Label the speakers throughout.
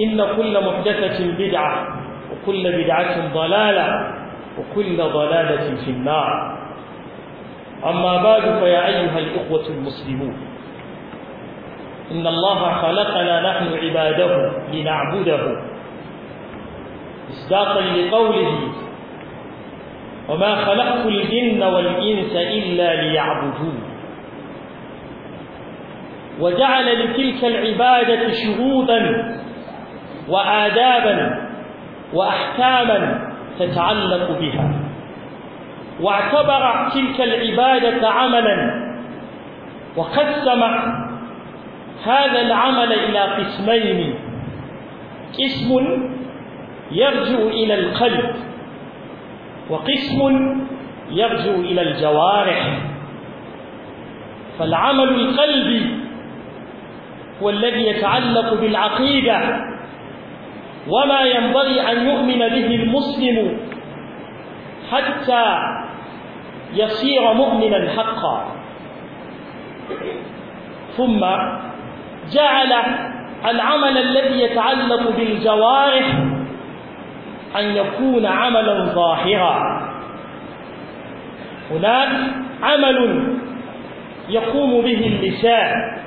Speaker 1: إن كل محدثة بدعة وكل بدعة ضلالة وكل ضلالة في النار أما بعد فيا أيها الإخوة المسلمون إن الله خلقنا نحن عباده لنعبده مصداقا لقوله وما خلقت الجن والإنس إلا ليعبدون وجعل لتلك العبادة شروطا وآدابا وأحكاما تتعلق بها واعتبر تلك العبادة عملا وقسم هذا العمل إلى قسمين قسم يرجع إلى القلب وقسم يرجع إلى الجوارح فالعمل القلبي هو الذي يتعلق بالعقيدة وما ينبغي أن يؤمن به المسلم حتى يصير مؤمنا حقا ثم جعل العمل الذي يتعلق بالجوارح أن يكون عملا ظاهرا هناك عمل يقوم به اللسان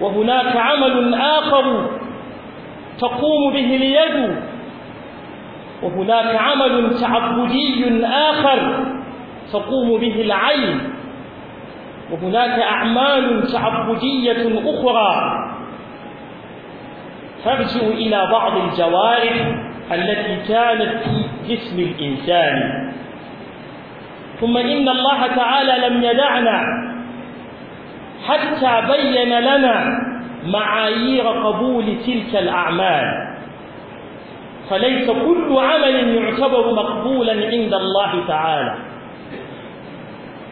Speaker 1: وهناك عمل آخر تقوم به اليد وهناك عمل تعبدي آخر تقوم به العين وهناك أعمال تعبدية أخرى ترجع إلى بعض الجوارح التي كانت في جسم الإنسان ثم إن الله تعالى لم يدعنا حتى بين لنا معايير قبول تلك الأعمال فليس كل عمل يعتبر مقبولا عند الله تعالى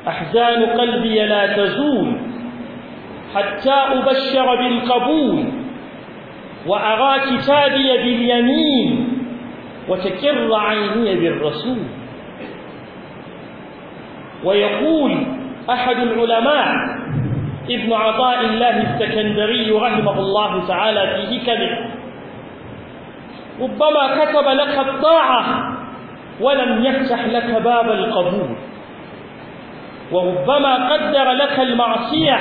Speaker 1: أحزان قلبي لا تزول حتى أبشر بالقبول وأرى كتابي باليمين وتكر عيني بالرسول ويقول أحد العلماء ابن عطاء الله السكندري رحمه الله تعالى فيه كذب ربما كتب لك الطاعة ولم يفتح لك باب القبول وربما قدر لك المعصية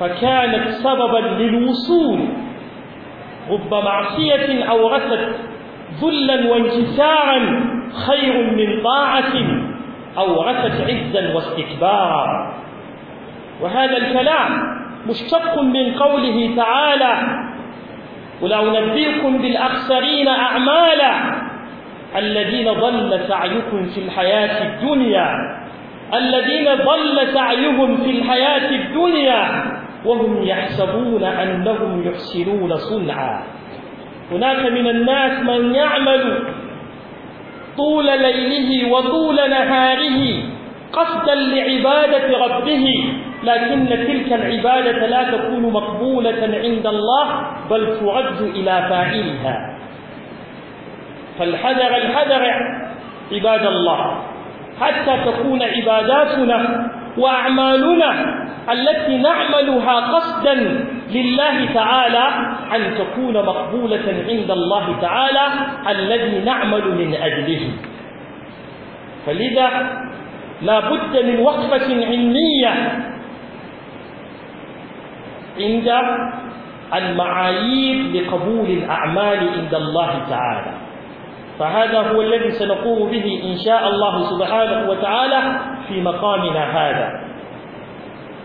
Speaker 1: فكانت سببا للوصول رب معصية أورثت ذلا وانكسارا خير من طاعة أورثت عزا واستكبارا وهذا الكلام مشتق من قوله تعالى ولو نبيكم بالأخسرين أعمالا الذين ضل سعيكم في الحياة الدنيا الذين ضل سعيهم في الحياة الدنيا وهم يحسبون أنهم يحسنون صنعا هناك من الناس من يعمل طول ليله وطول نهاره قصدا لعبادة ربه لكن تلك العبادة لا تكون مقبولة عند الله بل تعد إلى فاعلها فالحذر الحذر عباد الله حتى تكون عباداتنا وأعمالنا التي نعملها قصدا لله تعالى أن تكون مقبولة عند الله تعالى الذي نعمل من أجله فلذا لا بد من وقفة علمية عند المعايير لقبول الأعمال عند الله تعالى فهذا هو الذي سنقوم به إن شاء الله سبحانه وتعالى في مقامنا هذا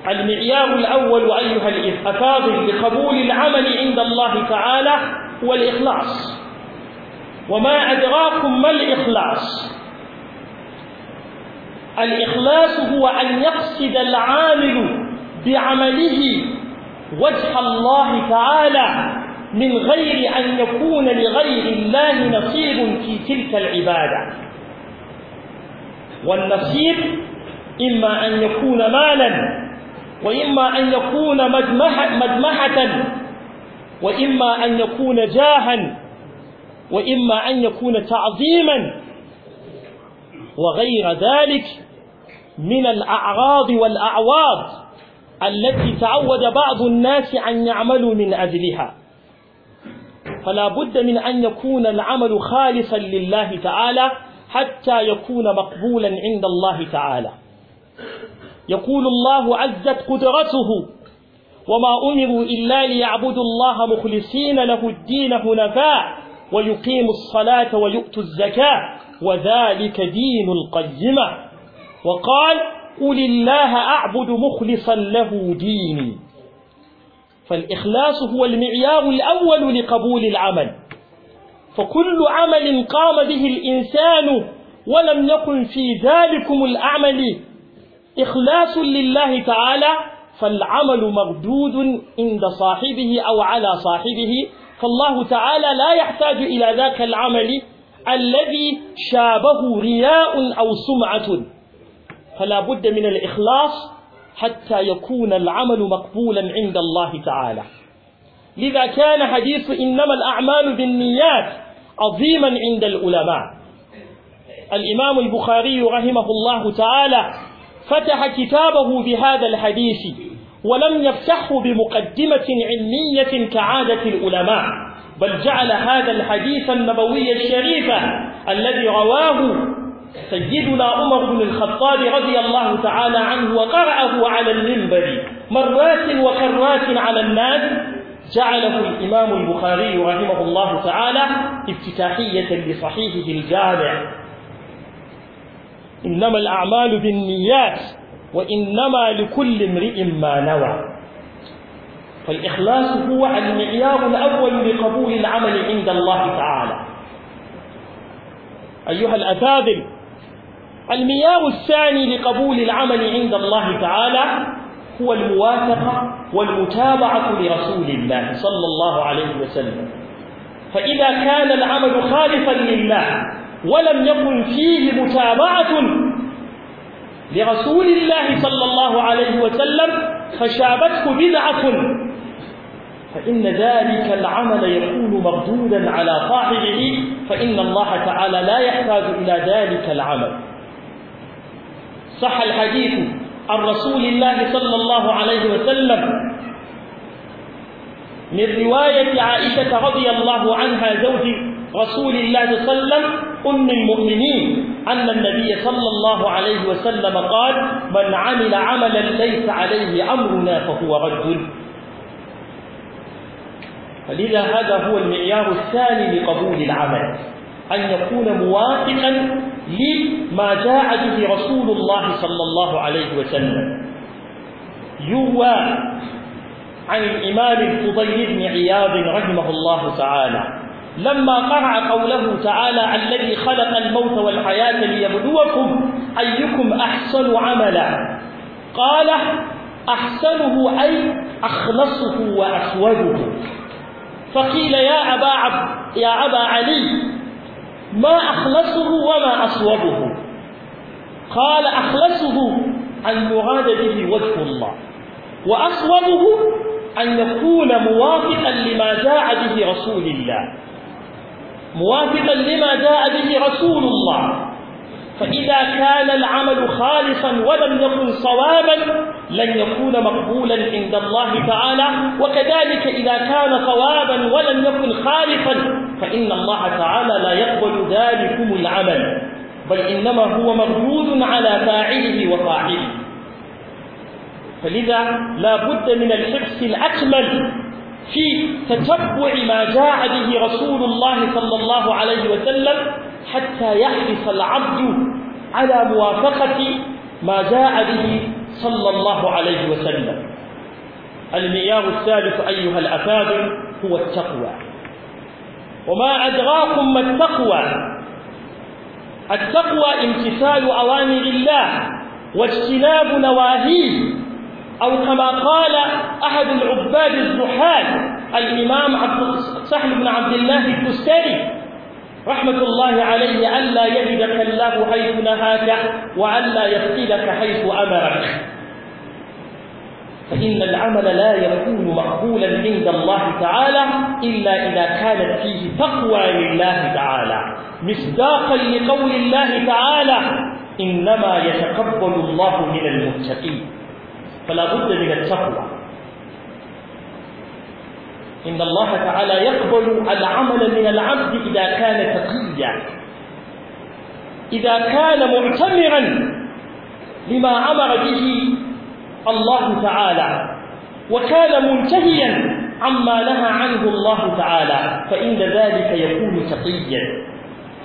Speaker 1: المعيار الأول أيها الأفاضل لقبول العمل عند الله تعالى هو الإخلاص وما أدراكم ما الإخلاص الإخلاص هو أن يقصد العامل بعمله وجه الله تعالى من غير أن يكون لغير الله نصيب في تلك العبادة والنصيب إما أن يكون مالا وإما أن يكون مدمحة, وإما أن يكون جاها وإما أن يكون تعظيما وغير ذلك من الأعراض والأعواض التي تعود بعض الناس أن يعملوا من أجلها فلا بد من أن يكون العمل خالصا لله تعالى حتى يكون مقبولا عند الله تعالى يقول الله عزت قدرته وما أمروا إلا ليعبدوا الله مخلصين له الدين هنفاء ويقيموا الصلاة ويؤتوا الزكاة وذلك دين القيمة وقال قل الله أعبد مخلصا له ديني فالإخلاص هو المعيار الأول لقبول العمل فكل عمل قام به الإنسان ولم يكن في ذلكم الأعمل إخلاص لله تعالى فالعمل مردود عند صاحبه أو على صاحبه فالله تعالى لا يحتاج إلى ذاك العمل الذي شابه رياء أو سمعة فلا بد من الإخلاص حتى يكون العمل مقبولا عند الله تعالى لذا كان حديث إنما الأعمال بالنيات عظيما عند العلماء الإمام البخاري رحمه الله تعالى فتح كتابه بهذا الحديث ولم يفتحه بمقدمة علمية كعادة العلماء بل جعل هذا الحديث النبوي الشريف الذي رواه سيدنا عمر بن الخطاب رضي الله تعالى عنه وقرأه على المنبر مرات وكرات على الناس جعله الإمام البخاري رحمه الله تعالى افتتاحية لصحيحه الجامع إنما الأعمال بالنيات وإنما لكل امرئ ما نوى فالإخلاص هو المعيار الأول لقبول العمل عند الله تعالى أيها الأساتذة المياه الثاني لقبول العمل عند الله تعالى هو الموافقة والمتابعة لرسول الله صلى الله عليه وسلم فإذا كان العمل خالفا لله ولم يكن فيه متابعة لرسول الله صلى الله عليه وسلم فشابته بدعة فإن ذلك العمل يكون مردودا على صاحبه فإن الله تعالى لا يحتاج إلى ذلك العمل صح الحديث عن رسول الله صلى الله عليه وسلم من رواية عائشة رضي الله عنها زوج رسول الله صلى الله عليه وسلم أم المؤمنين أن النبي صلى الله عليه وسلم قال من عمل عملا ليس عليه أمرنا فهو رد فلذا هذا هو المعيار الثاني لقبول العمل أن يكون موافقا لما جاء به رسول الله صلى الله عليه وسلم يروى عن الإمام الفضيل بن عياض رحمه الله تعالى لما قرأ قوله تعالى الذي خلق الموت والحياة ليبلوكم أيكم أحسن عملا قال أحسنه أي أخلصه وأسوده فقيل يا أبا, عب يا أبا علي ما أخلصه وما أصوبه قال أخلصه أن يراد به وجه الله وأصوبه أن يكون موافقا لما جاء به رسول الله موافقا لما جاء به رسول الله فإذا كان العمل خالصا ولم يكن صوابا لن يكون مقبولا عند الله تعالى وكذلك إذا كان صوابا ولم يكن خالصا فإن الله تعالى لا يقبل ذلكم العمل بل إنما هو مردود على فاعله وفاعله فلذا لا بد من الحرص الأكمل في تتبع ما جاء به رسول الله صلى الله عليه وسلم حتى يحرص العبد على موافقة ما جاء به صلى الله عليه وسلم المئار الثالث أيها الأفاضل هو التقوى وما أدراكم ما التقوى التقوى امتثال أوامر الله واجتناب نواهيه أو كما قال أحد العباد الزحال الإمام عبد سهل بن عبد الله الكستري رحمة الله عليه ألا يجدك الله حيث نهاك وألا يفقدك حيث أمرك فإن العمل لا يكون مقبولا عند الله تعالى إلا إذا كانت فيه تقوى لله تعالى مصداقا لقول الله تعالى إنما يتقبل الله من المتقين فلا بد من التقوى إن الله تعالى يقبل العمل من العبد إذا كان تقيا إذا كان معتمرا لما أمر به الله تعالى وكان منتهيا عما نهى عنه الله تعالى فإن ذلك يكون تقيا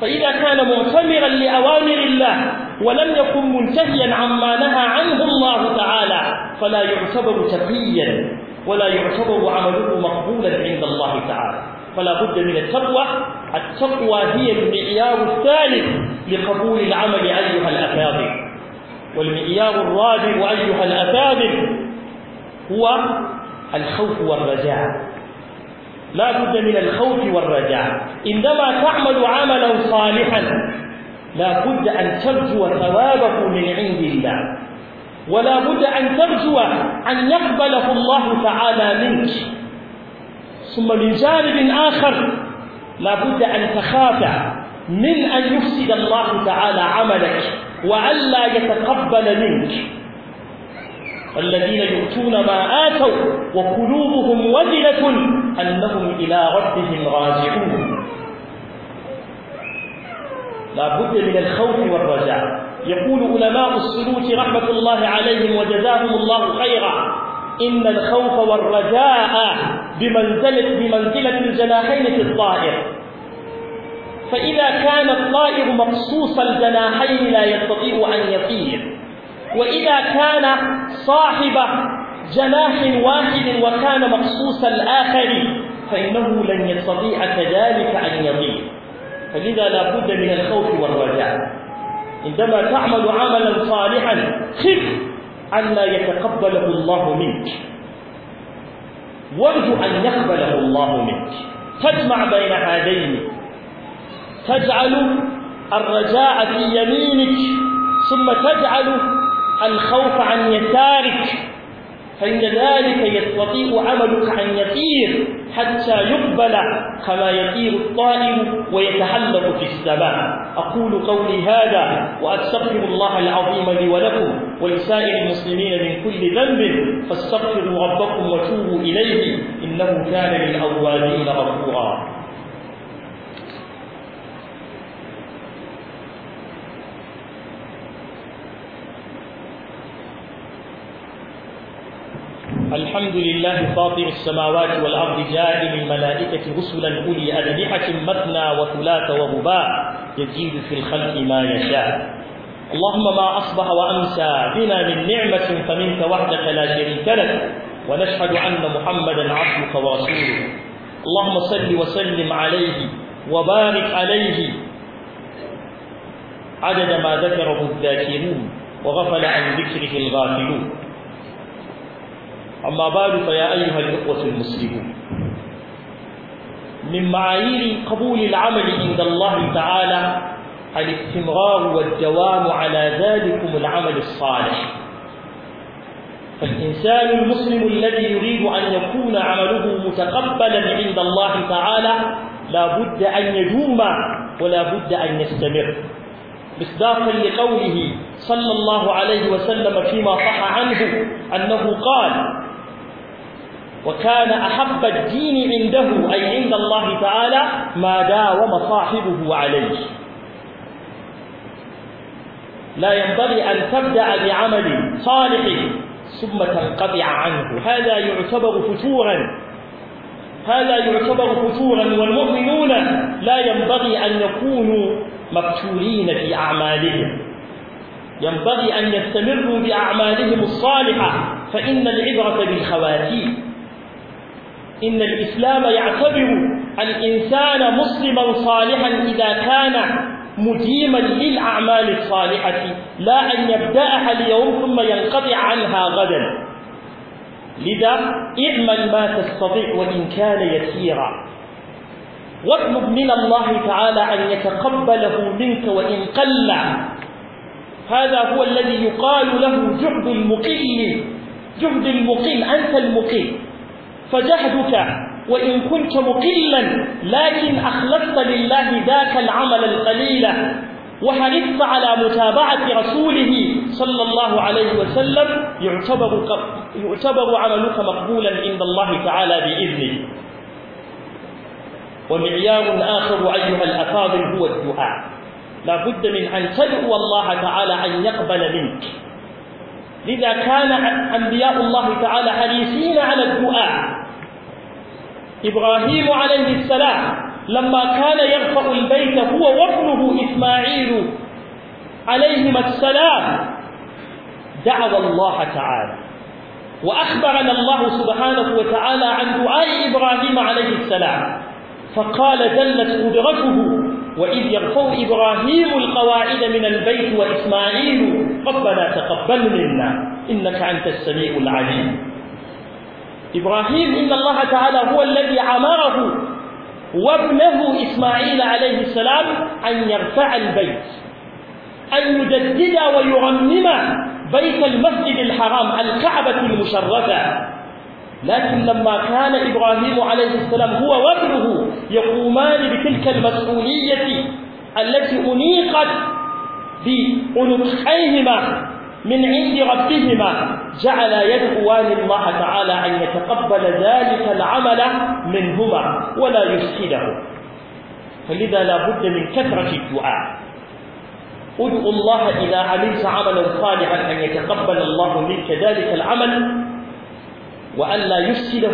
Speaker 1: فإذا كان معتمرا لأوامر الله ولم يكن منتهيا عما نهى عنه الله تعالى فلا يعتبر تقيا ولا يعتبر عمله مقبولا عند الله تعالى فلا بد من التقوى التقوى هي المعيار الثالث لقبول العمل أيها الأكاذب والمعيار الرابع أيها الأكاذب هو الخوف والرجاء لا بد من الخوف والرجاء عندما تعمل عملا صالحا لا بد أن ترجو ثوابه من عند الله ولا بد أن ترجو أن يقبله الله تعالى منك ثم من جانب آخر لا بد أن تخاف من أن يفسد الله تعالى عملك وألا يتقبل منك الذين يؤتون ما آتوا وقلوبهم وجلة أنهم إلى ربهم راجعون لا بد من الخوف والرجاء يقول علماء السلوك رحمة الله عليهم وجزاهم الله خيرا إن الخوف والرجاء بمنزلة, بمنزلة الجناحين في الطائر فإذا كان الطائر مقصوص الجناحين لا يستطيع أن يطير وإذا كان صاحب جناح واحد وكان مقصوص الآخر فإنه لن يستطيع كذلك أن يطير فلذا لا بد من الخوف والرجاء عندما تعمل عملا صالحا خف ان يتقبله الله منك وارجو أن يقبله الله منك تجمع بين هذين تجعل الرجاء في يمينك ثم تجعل الخوف عن يسارك فإن ذلك يستطيع عملك أن يطير حتى يقبل كما يطير الطائر ويتحلق في السماء أقول قولي هذا وأستغفر الله العظيم لي ولكم ولسائر المسلمين من كل ذنب فاستغفروا ربكم وتوبوا إليه إنه كان للأوابين غفورا الحمد لله فاطر السماوات والأرض جاعل الملائكة رسلا أولي أجنحة مثنى وثلاث ورباع يزيد في الخلق ما يشاء اللهم ما أصبح وأمسى بنا من نعمة فمنك وحدك لا شريك لك ونشهد أن محمدا عبدك ورسوله اللهم صل وسلم عليه وبارك عليه عدد ما ذكره الذاكرون وغفل عن ذكره الغافلون أما بعد فيا أيها الإخوة المسلمون من معايير قبول العمل عند الله تعالى الاستمرار والدوام على ذلكم العمل الصالح فالإنسان المسلم الذي يريد أن يكون عمله متقبلا عند الله تعالى لا بد أن يدوم ولا بد أن يستمر مصداقا لقوله صلى الله عليه وسلم فيما صح عنه أنه قال وكان أحب الدين عنده أي عند الله تعالى ما داوم صاحبه عليه لا ينبغي أن تبدأ بعمل صالح ثم تنقطع عنه هذا يعتبر فتورا هذا يعتبر فتورا والمؤمنون لا ينبغي أن يكونوا مفتورين في أعمالهم ينبغي أن يستمروا بأعمالهم الصالحة فإن العبرة بالخواتيم إن الإسلام يعتبر الإنسان مسلما صالحا إذا كان مديما للأعمال الصالحة لا أن يبدأها اليوم ثم ينقطع عنها غدا لذا اعمل ما تستطيع وإن كان يسيرا واطلب من الله تعالى أن يتقبله منك وإن قل هذا هو الذي يقال له جهد المقل جهد المقل أنت المقل فجهدك وإن كنت مقلا لكن أخلصت لله ذاك العمل القليل وحرصت على متابعة رسوله صلى الله عليه وسلم يعتبر, يعتبر عملك مقبولا عند الله تعالى بإذنه ومعيار آخر أيها الأفاضل هو الدعاء لا بد من أن تدعو الله تعالى أن يقبل منك لذا كان أنبياء الله تعالى حريصين على الدعاء إبراهيم عليه السلام لما كان يرفع البيت هو وابنه إسماعيل عليهما السلام دعا الله تعالى وأخبرنا الله سبحانه وتعالى عن دعاء إبراهيم عليه السلام فقال جلت قدرته وإذ يرفع إبراهيم القواعد من البيت وإسماعيل ربنا تقبل منا إنك أنت السميع العليم إبراهيم إن الله تعالى هو الذي عمره وابنه إسماعيل عليه السلام أن يرفع البيت أن يجدد ويرمم بيت المسجد الحرام الكعبة المشرفة لكن لما كان إبراهيم عليه السلام هو وابنه يقومان بتلك المسؤولية التي أنيقت بعنقيهما من عند ربهما جعل يدعوان الله تعالى أن يتقبل ذلك العمل منهما ولا يفسده فلذا لا بد من كثرة الدعاء ادعو الله إذا عملت عملا صالحا أن يتقبل الله منك ذلك العمل وألا يفسده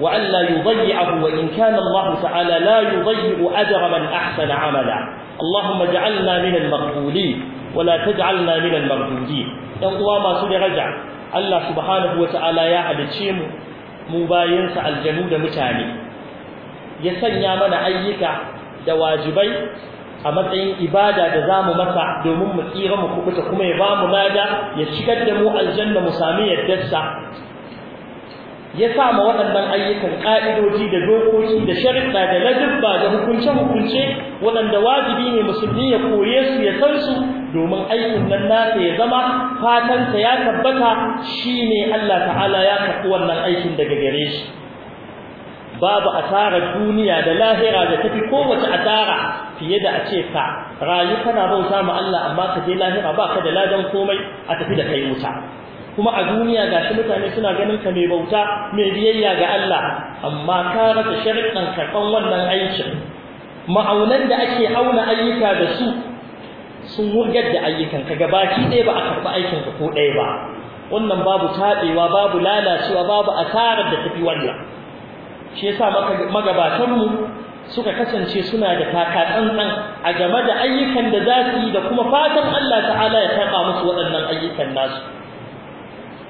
Speaker 1: وألا يضيعه وإن كان الله تعالى لا يضيع أجر من أحسن عملا اللهم اجعلنا من المقبولين ولا تجعلنا من المردودين ɗan uwa masu daraja Allah subhanahu wata'ala ya halicce mu mu bayansa aljanu da mutane ya sanya mana ayyuka da wajibai a matsayin ibada da zamu mata domin mu tsira mu kubuta kuma ya bamu nada, ya shigar da mu aljanna mu sami yaddarsa ya sa ma waɗannan ayyukan ƙa'idoji da dokoki da sharuɗa da ladabba da hukunce-hukunce waɗanda wajibi ne musulmi ya koye su ya san su domin aikin nan nasa ya zama fatansa ya tabbata shine Allah ta'ala ya karɓi wannan aikin daga gare shi babu asarar duniya da lahira da tafi kowace asara fiye da a ce ka rayu kana bauta ma Allah amma ka je lahira ba ka da ladan komai a tafi da kai wuta kuma a duniya ga shi mutane suna ganin ka mai bauta mai biyayya ga Allah amma ka rasa sharuɗan karɓan wannan aikin ma'aunan da ake auna ayyuka da su sun wurgar da ayyukan ka gabaki ɗaya ba a karɓi aikin ka ko ɗaya ba wannan babu taɓewa babu lalacewa babu asarar da tafi wannan shi yasa magabatanmu suka kasance suna da taka tsantsan a game da ayyukan da za su yi da kuma fatan Allah ta'ala ya taɓa musu waɗannan ayyukan nasu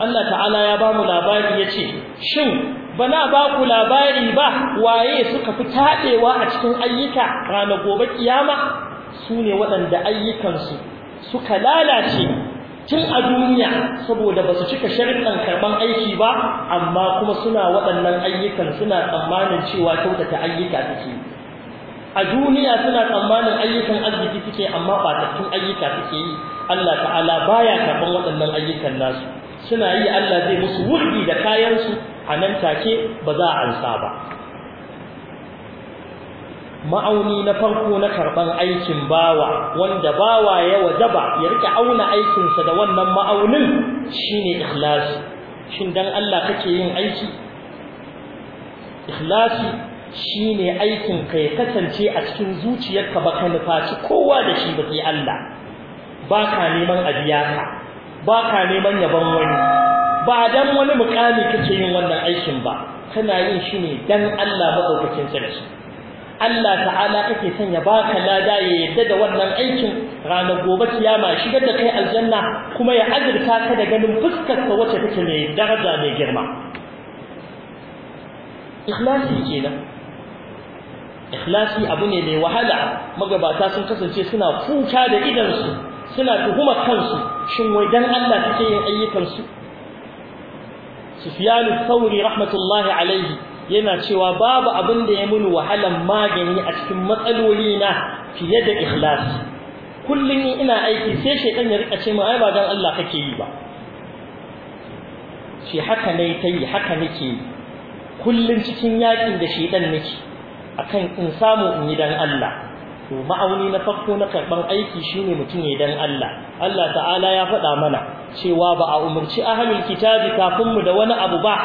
Speaker 1: Allah ta'ala ya ba mu labari ya ce shin bana ba ku labari ba waye suka fi taɗewa a cikin ayyuka ranar gobe kiyama su ne waɗanda ayyukansu suka lalace tun a duniya saboda ba su cika sharuɗan karɓar aiki ba amma kuma suna waɗannan ayyukan suna tsammanin cewa kyautata ayyuka take a duniya suna tsammanin ayyukan arziki suke amma ba tattun ayyuka suke yi Allah ta'ala baya karɓar waɗannan ayyukan nasu suna yi Allah zai musu wurdi da kayansu a nan take ba za a ansa ba ma'auni na farko na karban aikin bawa wanda bawa ya wajaba ya rike auna aikinsa da wannan ma'aunin shine ikhlasi shin dan Allah kake yin aiki ikhlasi shine aikin kai kasance a cikin zuciyarka ba baka nufaci kowa da shi ba sai Allah baka neman a biya ka ba ka neman yaban wani ba dan wani mukami kake yin wannan aikin ba kana yin shi ne dan Allah madaukakin sarki Allah ta'ala kake son ya baka lada ya yadda da wannan aikin ranar gobe kiyama shigar da kai aljanna kuma ya azurta ka da ganin fuskar ka wacce take mai daraja mai girma ikhlasi kenan ikhlasi abu ne mai wahala magabata sun kasance suna kuka da su. suna tuhumar kansu shin wai dan Allah suke yin ayyukansu Sufyan al-Thawri rahmatullahi alayhi yana cewa babu abin da ya muni wahalan magani a cikin matsaloli na fiye da ikhlas kullun ina aiki sai shaytan ya rika ce min ai ba dan Allah kake yi ba shi haka ne tayi haka nake kullun cikin yakin da shaytan nake akan in samu in yi dan Allah to ma'auni na farko na karban aiki shine mutum ya dan Allah Allah ta'ala ya faɗa mana cewa ba a umarci ahlul kitabi kafin mu da wani abu ba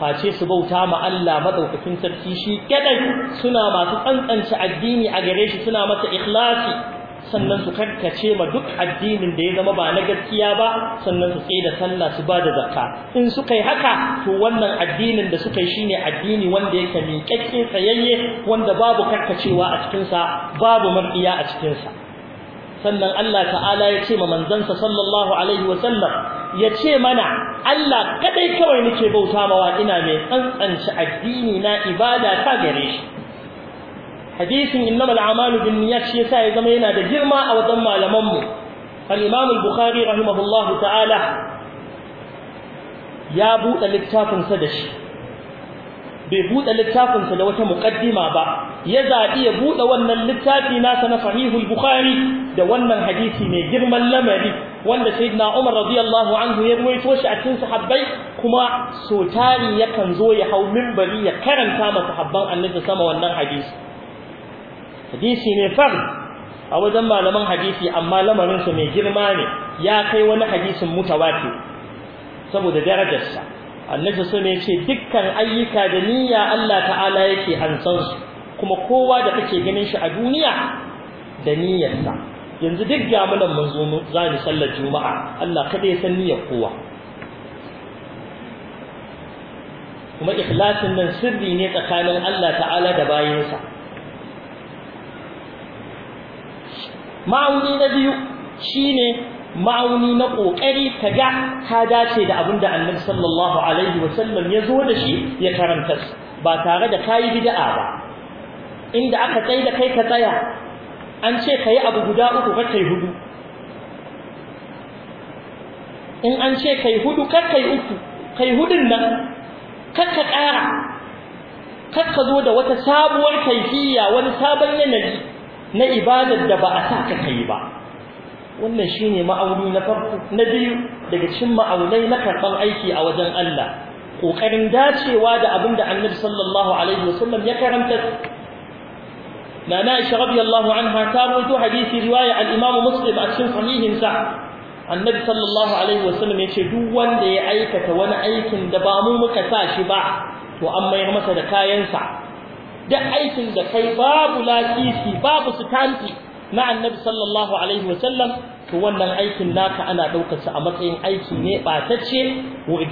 Speaker 1: face su bauta ma Allah madaukakin sarki shi kadai suna masu tsantsance addini a gare shi suna masa ikhlasi sannan su karkace ma duk addinin da ya zama ba na gaskiya ba sannan su tsaye da sallah su ba da zakka in suka yi haka to wannan addinin da suka yi shine addini wanda yake miƙaƙƙe sayayye, wanda babu karkacewa a cikinsa babu mar'iya a cikinsa sannan Allah ta'ala ya ce ma manzansa sallallahu alaihi wa sallam ya ce mana Allah kadai kawai nake bauta mawa ina mai tsantsance addini na ibada ta gare shi hadisin innamal a'malu binniyat shi yasa ya zama yana da girma a wajen malaman mu al-imam al-bukhari rahimahullahu ta'ala ya buɗe littafin sa da shi bai buɗe littafin sa da wata muqaddima ba ya zabi ya buɗe wannan littafi nasa na sahihul bukhari da wannan hadisi mai girman lamari wanda sayyidina umar radiyallahu anhu ya ruwaito shi a cikin sahabbai kuma sotari yakan zo ya hau minbari ya karanta masa habban annabi sama wannan hadisi hadisi ne fa a wajen malaman hadisi amma lamarin sa mai girma ne ya kai wani hadisin mutawatir saboda darajarsa annabi sun ne ce dukkan ayyuka da niyya Allah ta'ala yake ansan su kuma kowa da kake ganin shi a duniya da niyyarsa yanzu duk ga mun manzo mu za mu sallar juma'a Allah kada ya san niyyar kowa kuma ikhlasin nan sirri ne tsakanin Allah ta'ala da bayinsa ma'auni na biyu shine ma'auni na kokari kaga ka dace da abin da Annabi sallallahu alaihi wasallam ya zo da shi ya karanta ba tare da kai bid'a ba inda aka tsaye da kai ka tsaya an ce kai abu guda uku ka kai hudu in an ce kai hudu kar kai uku kai hudun nan kar ka kara kar ka zo da wata sabuwar kaifiya wani sabon yanayi na ibadar da ba a sa ka kai ba wannan shine ma'auni na farko na biyu daga cikin ma'aunai na karban aiki a wajen Allah kokarin dacewa da abin da Annabi sallallahu alaihi wasallam ya karanta Nana Aisha radiyallahu anha ta rawaito hadisi riwaya al-Imam Muslim a cikin sahihin sa Annabi sallallahu alaihi wasallam yace duk wanda ya aikata wani aikin da ba mu muka sa shi ba to an mayar masa da kayansa duk aikin da kai babu lafifi babu sitanti na annabi sallallahu alaihi wa sallam to wannan aikin naka ana daukar sa a matsayin aiki ne batacce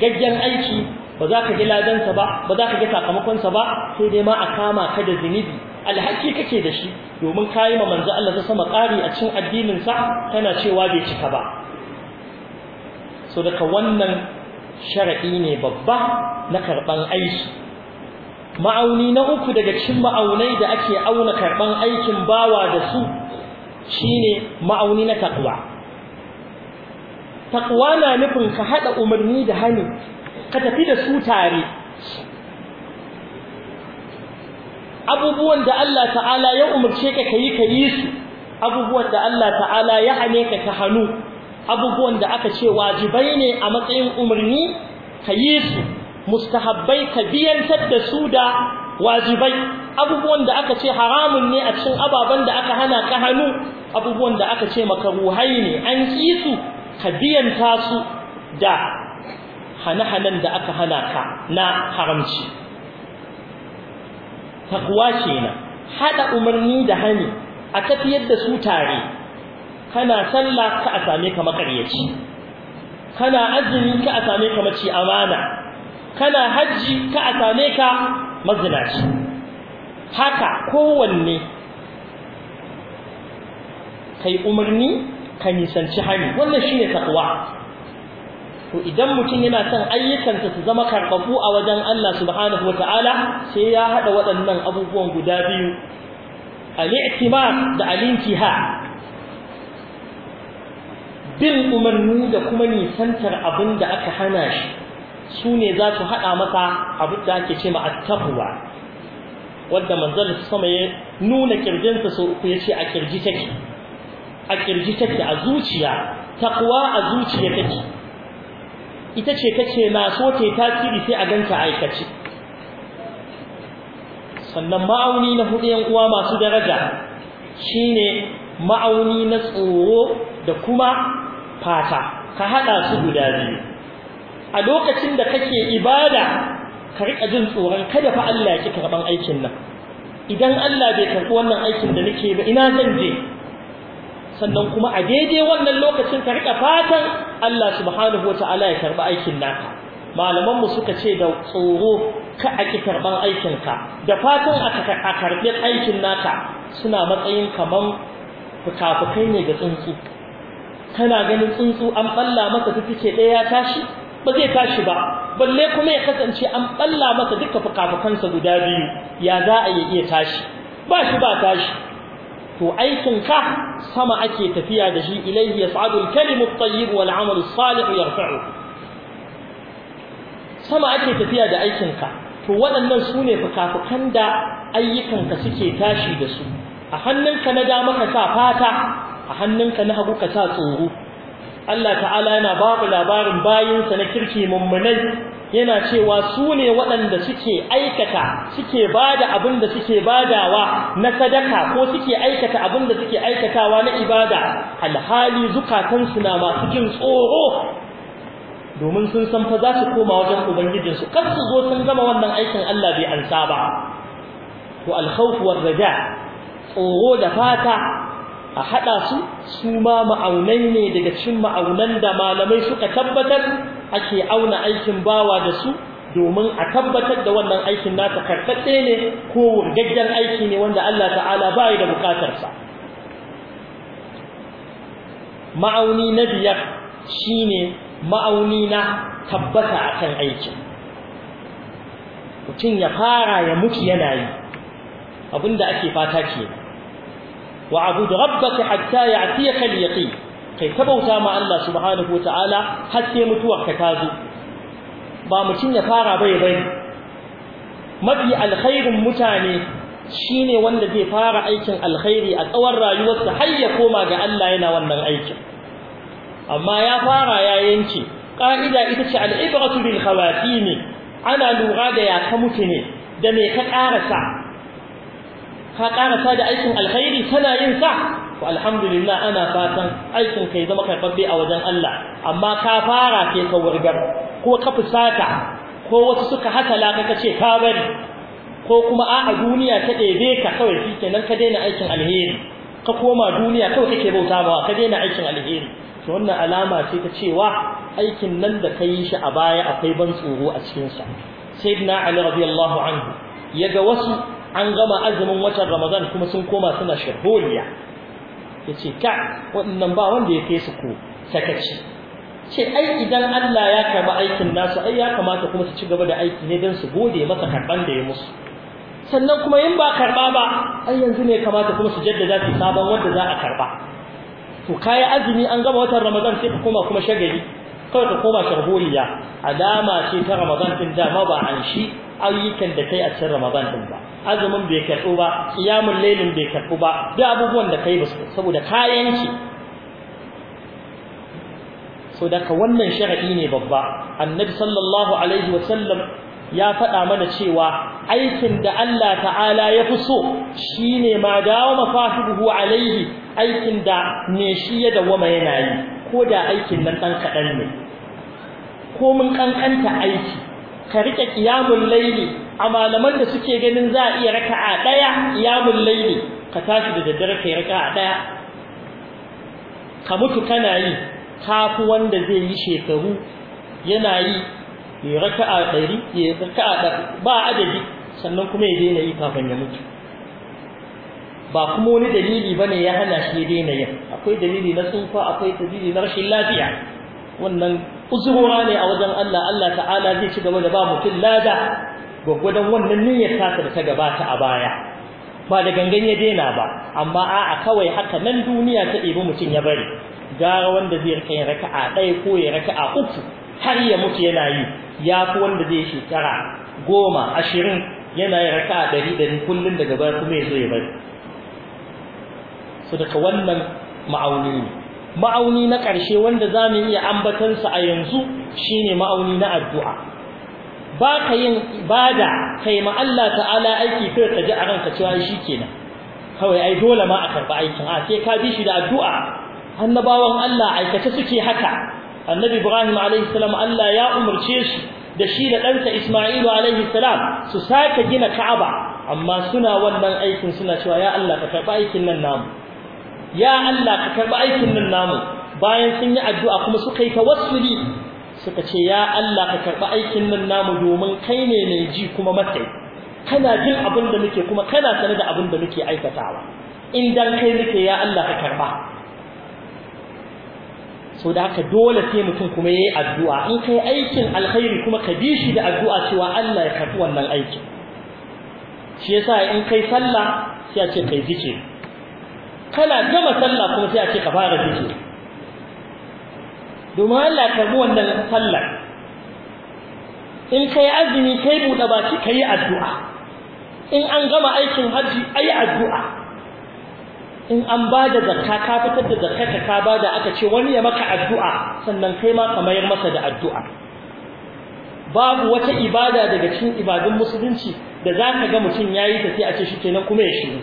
Speaker 1: gaggen aiki ba za ka ga ladansa ba ba za ka ga sakamakon sa ba sai dai ma a kama ka da zinubi alhaki kake da shi domin kayi ma manzo Allah ta sama ƙari a cikin addinin sa kana cewa bai cika ba so daga wannan shar'i ne babba na karban aiki ma'auni na uku daga cikin ma'aunai da ake auna karban aikin bawa da su shine ma'auni na takwa takwa na nufin ka hada umarni da hani ka tafi da su tare abubuwan da Allah ta'ala ya umarce ka kayi kayi su abubuwan da Allah ta'ala ya hane ka ta hannu abubuwan da aka ce wajibai ne a matsayin umarni kayi su mustahabbai ka biyantar da su da wajibai abubuwan da aka ce haramun ne a cikin ababen da aka hana ka hannu abubuwan da aka ce makaruhai ne an ki su ka biyanta su da hanahanan da aka hana ka na haramci takwa kenan hada umarni da hani a tafiyar da su tare kana sallah ka a same ka makaryaci kana azumi ka a same ka mace amana kana hajji ka a same ka mazinaci haka kowanne kai umarni ka nisanci hani wannan shine takwa to idan mutum yana son ayyukansa su zama karbabu a wajen Allah subhanahu wataala sai ya haɗa waɗannan abubuwan guda biyu al da al-intiha bin umarni da kuma nisantar abin da aka hana shi su ne za su haɗa masa abin da ake ce ma Wadda wanda su sama ya nuna kirjinsa ku ya ce a kirji take a kirji take a zuciya kuwa a zuciya take ita ce kace na so ta tasiri sai a ganta aikace sannan ma'auni na hudu yan uwa masu daraja shine ma'auni na tsoro da kuma fata ka haɗa su guda biyu a lokacin da kake ibada ka rika jin tsoron kada fa Allah ya ki karban aikin nan idan Allah bai karbi wannan aikin da nake ba ina zan je sannan kuma a daidai wannan lokacin ka rika fatan Allah subhanahu wataala ya karbi aikin naka malaman mu suka ce da tsoro ka a ki karban aikin ka da fatan a karbi aikin naka suna matsayin kaman fukafukai ne ga tsuntsu kana ganin tsuntsu an balla maka tafice ɗaya ya tashi ba zai tashi ba balle kuma ya kasance an balla masa duka fukafukansa guda biyu ya za a iya tashi ba shi ba tashi to aikinka sama ake tafiya da shi ilaihi yas'adu kalimu at-tayyib wal 'amalu as-salih yarfa'u sama ake tafiya da aikinka, to waɗannan sune fukafukan da ayyukanka suke tashi da su a hannunka na dama ka sa fata a hannunka na hagu ka sa tsoro Allah ta'ala yana babu labarin bayinsa na kirki mummunai yana cewa su ne waɗanda suke aikata suke bada abin da suke badawa na sadaka ko suke aikata abin da suke aikatawa na ibada alhali zukatansu na masu jin tsoro domin sun san fa za su koma wajen ubangijinsu kar su zo sun gama wannan aikin Allah bai ansa ba to alkhawf war raja tsoro da fata a haɗa su su ma ma'aunai ne daga cikin ma'aunan da malamai suka tabbatar ake auna aikin bawa da su domin a tabbatar da wannan aikin nasa karkatse ne ko gaggan aiki ne wanda Allah ta'ala ba da sa. ma'auni na biyar shine ma'auni na tabbata akan aikin mutum ya fara ya mutu yana yi abinda ake fata kenan wa'bud rabbaka hatta ya'tiyaka al-yaqin kai ta bauta ma Allah subhanahu wataala har sai mutuwar ka ta zo ba mutum ya fara bai bai mafi alkhairin mutane shine wanda zai fara aikin alkhairi a tsawon rayuwarsa har ya koma ga Allah yana wannan aikin amma ya fara ya yanke ƙa'ida ita ce al'ibratu bil ne, ana lura da ya ka mutu ne da me ka ƙarasa ka karasa da aikin alkhairi kana yin sa to alhamdulillah ana fatan aikin kai zama karɓaɓɓe a wajen Allah amma ka fara kai ka wurgar ko ka fusata ko wasu suka hasala ka ce ka bari ko kuma a'a duniya ta ɗebe ka kawai shikenan ka daina aikin alheri ka koma duniya kawai kake bauta ba ka daina aikin alheri to wannan alama ce ta cewa aikin nan da ka shi a baya akwai ban tsoro a cikin sa sayyidina ali radiyallahu anhu yaga wasu an gama azumin watan ramadan kuma sun koma suna sharholiya ya ce ka waɗannan ba wanda ya kai su ku sakaci ce ai idan Allah ya karɓi aikin nasu ai ya kamata kuma su ci gaba da aiki ne don su gode masa karɓan da ya musu sannan kuma in ba karɓa ba ai yanzu ne kamata kuma su jaddada su sabon wanda za a karɓa to kayi azumi an gama watan ramadan sai ka koma kuma shagali kawai ta koma sharholiya alama ce ta ramadan din dama ba an shi ayyukan da kai a cikin ramadan din ba azumin bai karɓu ba kiyamun lailin bai karbu ba duk abubuwan da kai saboda kayanci so daga wannan shar'i ne babba annabi sallallahu alaihi wa sallam ya faɗa mana cewa aikin da Allah ta'ala ya fi so shine ma dawo mafahibuhu alaihi aikin da ne shi ya dawwama yana yi ko da aikin nan ɗan kaɗan ne Ko mun kankanta aiki ka rike qiyamul layli a malaman da suke ganin za a iya raka'a daya qiyamul layli ka tashi da daddare kai raka'a daya ka mutu kana yi kafi wanda zai yi shekaru yana yi ya raka'a ɗari ya raka'a ba adadi sannan kuma ya daina yi kafin ya mutu ba kuma wani dalili bane ya hana shi daina yin akwai dalili na tsufa akwai dalili na rashin lafiya wannan uzurora ne a wajen Allah Allah ta'ala zai ci gaba da ba mutum lada gwagwadon wannan niyyar tasa da ta gabata a baya ba da gangan ya daina ba amma a'a kawai haka nan duniya ta ɗebi mutum ya bari gara wanda zai rika yin raka'a ɗaya ko ya raka'a uku har ya mutu yana yi ya fi wanda zai shekara goma ashirin yana yin raka'a ɗari ɗari kullum daga gaba kuma ya zo ya bari su wannan ma'auni ne ma'auni na ƙarshe wanda za mu iya ambatansa a yanzu shine ma'auni na addu'a ba ka yin ibada kai ma Allah ta'ala aiki kai ka ji a ranka cewa shi kenan kawai ai dole ma a karɓi aikin a sai ka bi shi da addu'a annabawan Allah aikace suke haka annabi Ibrahim alaihi salam Allah ya umarce shi da shi da ɗansa Isma'ilu alaihi salam su sake gina Ka'aba amma suna wannan aikin suna cewa ya Allah ka karɓi aikin nan namu ya Allah ka karba aikin nan namu bayan sun yi addu'a kuma suka yi tawassuli suka ce ya Allah ka karba aikin nan namu domin kai ne mai ji kuma matai kana jin abin da muke kuma kana sane da abin da muke aikatawa in dan kai muke ya Allah ka karba so da haka dole sai mutum kuma yayi addu'a in kai aikin alkhairi kuma ka bi shi da addu'a cewa Allah ya karbi wannan aikin shi yasa in kai sallah sai a ce kai zikiri kana gama sallah kuma sai a ce ka fara domin Allah ya karbi wannan sallar in kai azumi kai buɗe baki kai addu'a in an gama aikin hajji ayi addu'a in an ba da zakka ka fitar da zakka ka ba da aka ce wani ya maka addu'a sannan kai ma ka mayar masa da addu'a babu wata ibada daga cikin ibadun musulunci da zaka ga mutum yayi ta sai a ce kenan kuma ya shiru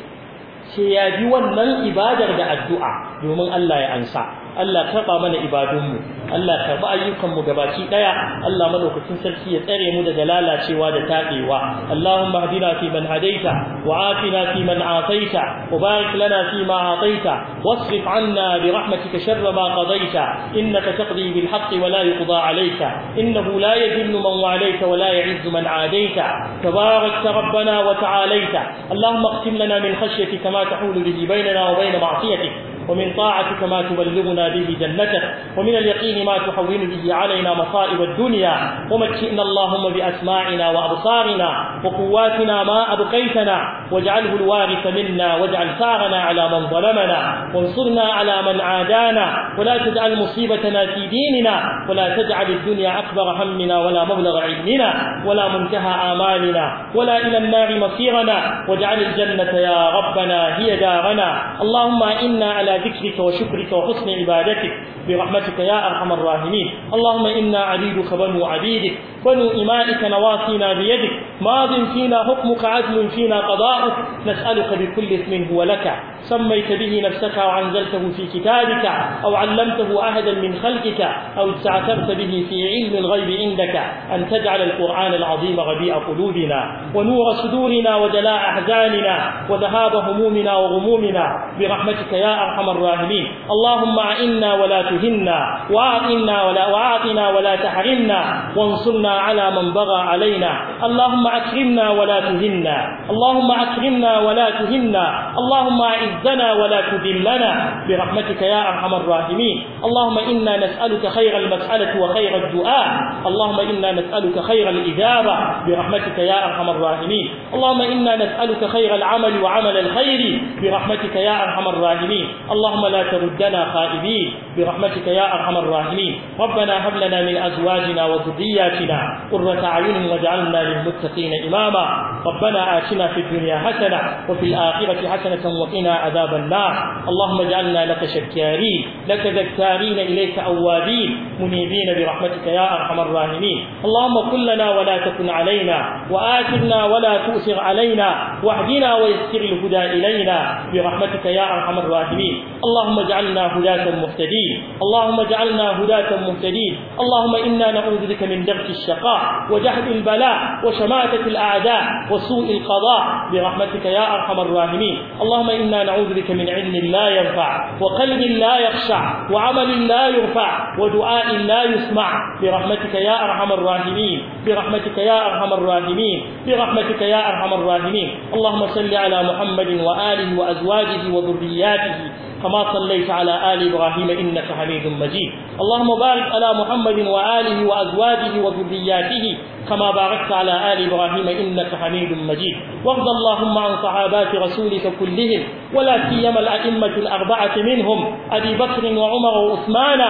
Speaker 1: sai ya bi wannan ibadar da addu'a domin Allah ya ansa Allah karba mana ibadunmu Allah karba ayyukanmu gabaki daya Allah madaukakin sarki ya tsare mu daga lalacewa da tabewa Allahumma hadina fi man hadaita wa afina fi man afaita wa barik lana fi ma ataita wasrif anna bi rahmatika sharra ma qadaita innaka taqdi bil haqqi wa la yuqda alayka innahu la yadhillu man walayta wa la yu'izzu man adaita tabarakta rabbana wa ta'alayta Allahumma اقسم لنا من خشيتك ما تحول به بيننا وبين معصيتك ومن طاعتك ما تبلغنا به جنتك ومن اليقين ما تحول به علينا مصائب الدنيا ومتئنا اللهم بأسماعنا وأبصارنا وقواتنا ما أبقيتنا واجعله الوارث منا واجعل ثارنا على من ظلمنا وانصرنا على من عادانا ولا تجعل مصيبتنا في ديننا ولا تجعل الدنيا أكبر همنا ولا مبلغ علمنا ولا منتهى آمالنا ولا إلى النار مصيرنا واجعل الجنة يا ربنا هي دارنا اللهم إنا على ذكرك وشكرك وحسن عبادتك برحمتك يا أرحم الراحمين اللهم إنا عبيدك بنو عبيدك بنو إمائك نواصينا بيدك ماض فينا حكمك عدل فينا قضاءك نسألك بكل اسم هو لك سميت به نفسك أو أنزلته في كتابك أو علمته أحدا من خلقك أو استعثرت به في علم الغيب عندك أن تجعل القرآن العظيم ربيع قلوبنا ونور صدورنا وجلاء أحزاننا وذهاب همومنا وغمومنا برحمتك يا أرحم الراحمين اللهم أعنا ولا تهنا وأعطنا ولا, ولا تحرمنا وانصرنا على من بغى علينا اللهم أكرمنا ولا تهنا اللهم أكرمنا ولا تهنا اللهم أعزنا ولا تذلنا برحمتك يا أرحم الراحمين اللهم إنا نسألك خير المسألة وخير الدعاء اللهم إنا نسألك خير الإجابة برحمتك يا أرحم الراحمين اللهم إنا نسألك خير العمل وعمل الخير برحمتك يا أرحم الراحمين اللهم لا تردنا خائبين برحمتك يا أرحم الراحمين ربنا هب لنا من أزواجنا وذرياتنا قرة أعين واجعلنا للمتقين للمتقين إماما ربنا آتنا في الدنيا حسنة وفي الآخرة حسنة وقنا عذاب النار اللهم اجعلنا لك شكارين لك ذكارين إليك أوابين منيبين برحمتك يا أرحم الراحمين اللهم كن لنا ولا تكن علينا وآثرنا ولا تؤثر علينا واهدنا ويسر الهدى إلينا برحمتك يا أرحم الراحمين اللهم اجعلنا هداة مهتدين اللهم اجعلنا هداة مهتدين اللهم إنا نعوذ بك من درك الشقاء وجهد البلاء وشماتة ومماتة الأعداء وسوء القضاء برحمتك يا أرحم الراحمين اللهم إنا نعوذ بك من علم لا ينفع وقلب لا يخشع وعمل لا يرفع ودعاء لا يسمع برحمتك يا أرحم الراحمين برحمتك يا أرحم الراحمين برحمتك يا أرحم الراحمين اللهم صل على محمد وآله وأزواجه وذرياته كما صليت على آل إبراهيم إنك حميد مجيد اللهم بارك على محمد وآله وأزواجه وذرياته كما باركت على آل إبراهيم إنك حميد مجيد وارض اللهم عن صحابات رسولك كلهم ولا سيما الأئمة الأربعة منهم أبي بكر وعمر وعثمان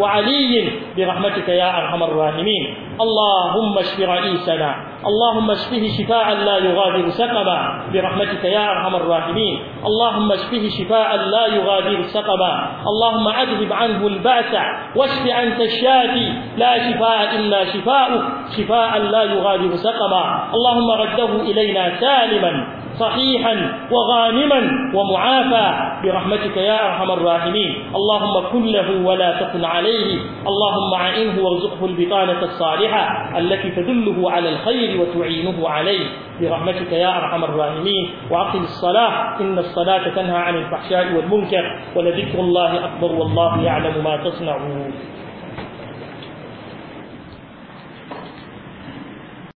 Speaker 1: وعلي برحمتك يا أرحم الراحمين اللهم اشف رئيسنا اللهم اشفه شفاء لا يغادر سقما برحمتك يا أرحم الراحمين اللهم اشفه شفاء لا يغادر سقما اللهم أذهب عنه البأس واشف أنت الشافي لا شفاء إلا شفاؤك شفاء لا يغادر سقما اللهم رده إلينا سالما صحيحا وغانما ومعافى برحمتك يا أرحم الراحمين اللهم كن له ولا تكن عليه اللهم اعنه وارزقه البطانة الصالحة التي تدله على الخير وتعينه عليه برحمتك يا أرحم الراحمين وأقم الصلاة إن الصلاة تنهى عن الفحشاء والمنكر ولذكر الله أكبر والله يعلم ما تصنعون